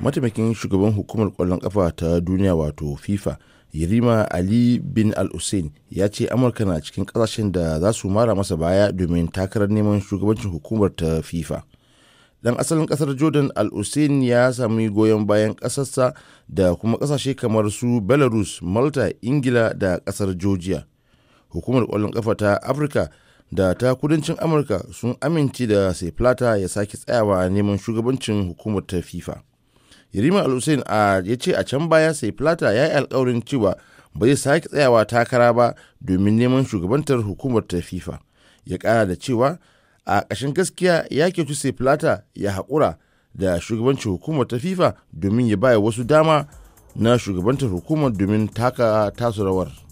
mataimakin shugaban hukumar kwallon kafa ta duniya wato fifa yarima ali bin al usain ya ce amurka na cikin kasashen da za su mara masa baya domin takarar neman shugabancin hukumar ta fifa dan asalin kasar jordan al usain ya sami goyon bayan kasarsa da kuma kasashe kamar su belarus malta ingila da kasar georgia hukumar kwallon kafa ta afirka da ta kudancin amurka sun amince da sai plata ya sake tsayawa neman shugabancin hukumar ta fifa Yarima Al-Hussein ya ce a can baya sai Plata ya yi alkawarin cewa ba zai sake tsayawa takara ba domin neman shugabantar hukumar ta FIFA. Ya kara da cewa a ƙashin gaskiya ya kyautu sai Plata ya haƙura da shugabancin hukumar ta FIFA domin ya baya wasu dama na shugabantar hukumar domin taka tasu rawar.